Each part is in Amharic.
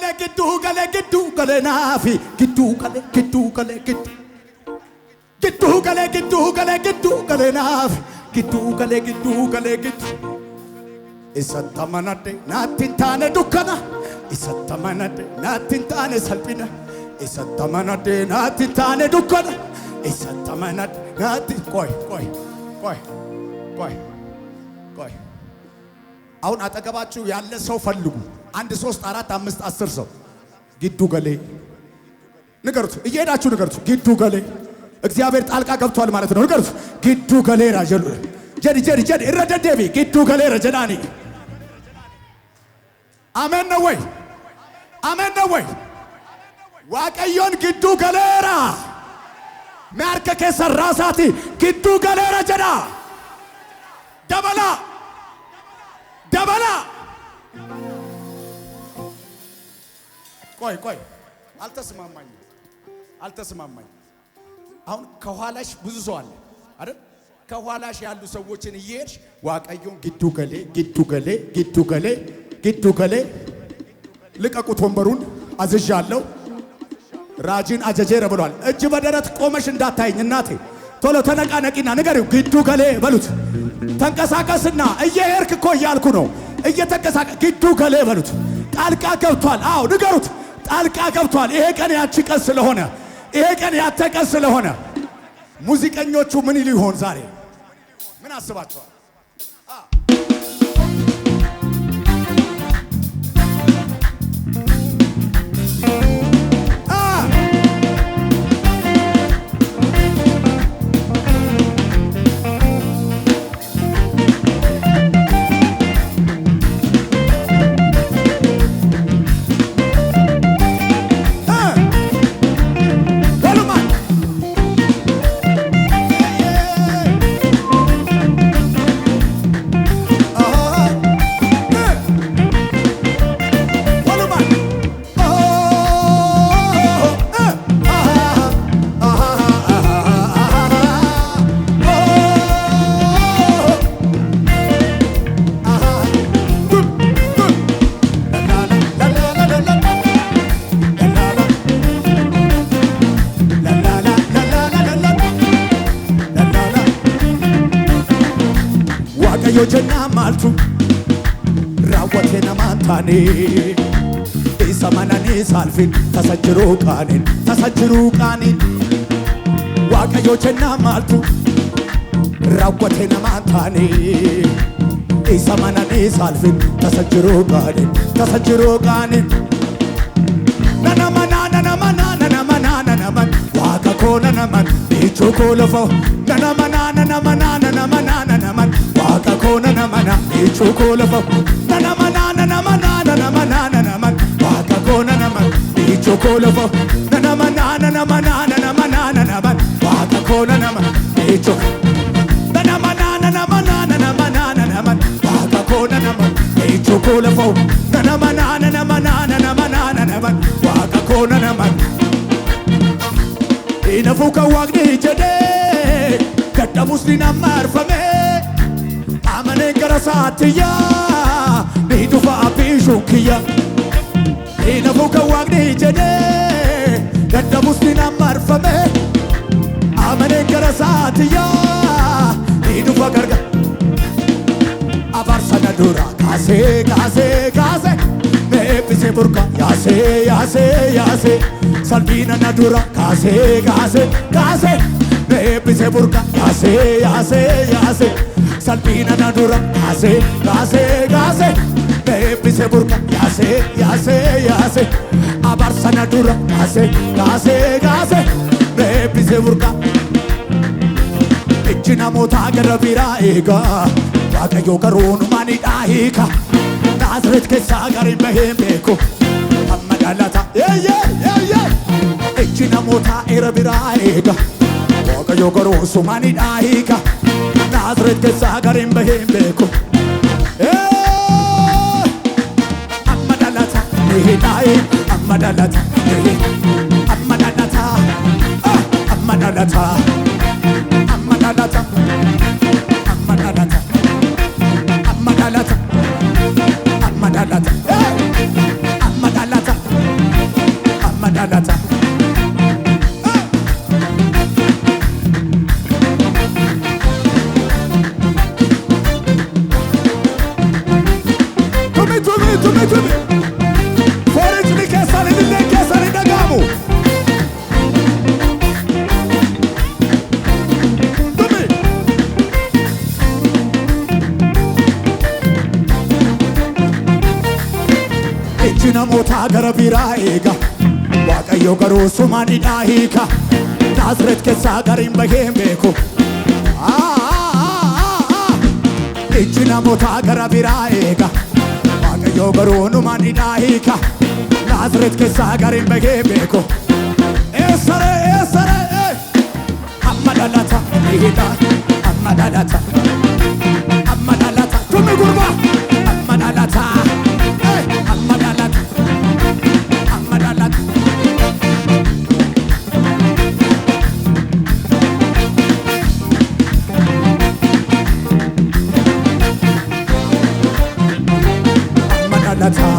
gale gidduu gale gidduu gale naafi gidduu gale gidduu gale gidduu gale gidduu gale gidduu gale naafi gidduu gale gidduu gale gidduu isa tamanadhe naatti hin taane dukkana isa tamanadhe naatti hin taane salphina isa tamanadhe naatti hin taane dukkana isa tamanadhe naatti qoy qoy ቆይ ቆይ ቆይ አሁን አጠገባችሁ ያለ ሰው ፈልጉ። አንድ ሶስት አራት አምስት አስር ሰው ግዱ ገሌ ንገሩት፣ እየሄዳችሁ ንገሩት። ግዱ ገሌ እግዚአብሔር ጣልቃ ገብቷል ማለት ነው። ንገሩት። ግዱ ገሌ ራጀሉ ጀዲ ጀዲ ጀድ እረደደቤ ግዱ ገሌ ረጀዳኒ አሜን ነው ወይ? አሜን ነው ወይ? ዋቀዮን ግዱ ገሌራ ሚያርከ ኬሰ ራሳቲ ግዱ ገሌ ረጀዳ ደበላ ቆይ ቆይ፣ አልተስማማኝ አልተስማማኝ። አሁን ከኋላሽ ብዙ ሰው አለ አይደል? ከኋላሽ ያሉ ሰዎችን እየሄድሽ ዋቀዩን ግዱ ገሌ ግዱ ገሌ ግዱ ገሌ ግዱ ገሌ ልቀቁት ወንበሩን አዝዣለሁ። ራጂን አጀጀረ ብሏል። እጅ በደረት ቆመሽ እንዳታይኝ እናቴ። ቶሎ ተነቃነቂና ንገሪው ግዱ ገሌ በሉት። ተንቀሳቀስና እየሄድክ እኮ እያልኩ ነው። እየተንቀሳቀስ ግዱ ገሌ በሉት። ጣልቃ ገብቷል። አዎ ንገሩት። ጣልቃ ገብቷል። ይሄ ቀን ያቺ ቀን ስለሆነ ይሄ ቀን ያተ ቀን ስለሆነ ሙዚቀኞቹ ምን ይሉ ይሆን ዛሬ ምን አስባቸዋል? hojanaa maaltu raawwate namaan taane isa mananii saalfin tasajjiruu qaaniin tasajjiruu qaaniin waaqayyo jennaa maaltu raawwate namaan taane isa mananii saalfin tasajjiruu qaaniin tasajjiruu qaaniin nanamanaa nanamanaa nanamanaa nanaman waaqa koo nanaman michuu koo lofoo nanamanaa nanamanaa nanamanaa nanaman Watakona namana ichukulafo Nanamana nanamana nanamana nanaman Watakona naman ichukulafo Nanamana nanamana nanamana nanaman Watakona naman ichuk Nanamana nanamana nanamana nanaman Watakona naman ichukulafo Nanamana nanamana nanamana nanaman Watakona naman Inafuka wagni jede Kattamuslina marfame Kan gara saatiyaa ni dhufaa fi shukkiyaa ni nafuu kan waaqni jedhee dadhabus ni nammarfame amanee gara saatiyaa ni dhufa garga abaarsa na dura kaasee kaasee kaasee meebbisee burqa yaasee yaasee yaasee salbiina na dura kaasee kaasee kaasee meebbisee burqa yaasee yaasee yaasee salpina da dura hace hace hace te pise burka hace hace hace abarsa na dura hace hace hace te pise burka ejina mota gara vira ega waaqayyo garuun maanidha hiika naasret keessaa gariin bahee beeku amma dhalata eji namoota era biraa eega waaqayyo garuun sumaanidha hiika ናዝሬት ገዛ ሀገሬን በሄም ቤኮ አመዳላታ ይሄዳይ አመዳላታ አመዳላታ አመዳላታ አመዳላታ አመዳላታ አመዳላታ አመዳላታ አመዳላታ namoota gara biraa eega waaqayyo garuu sumaan hidhaa hiika naasret keessaa gariin bahee beeku ijji namoota gara biraa eega io barono maninaika Nazret che sagarin begebeco Essere, essere, eh Ammadalata, ammadalata, ammadalata नखा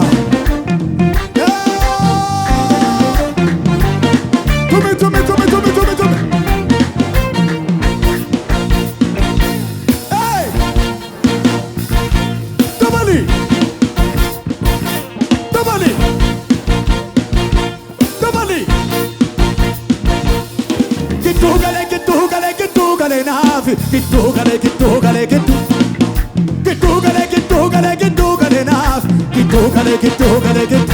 तुम्हें तुम्हें तुम्हें तुम्हें तुम्हें तुम्हें तबली तबली तबली कितू गले कितू गले कितू गले नाफ कितू गले कितू गले कितू कितू गले कितू गले कितू ከለግዶ ከለግድ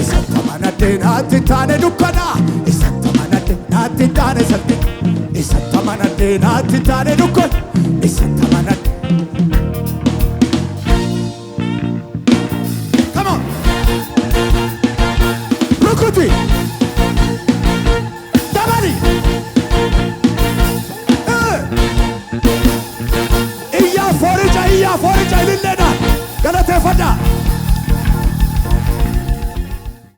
esattamanadde naatitaane dukkana esattamanadde naatitaane sabbi esattamanadde naatitaane dukkana esattamanadde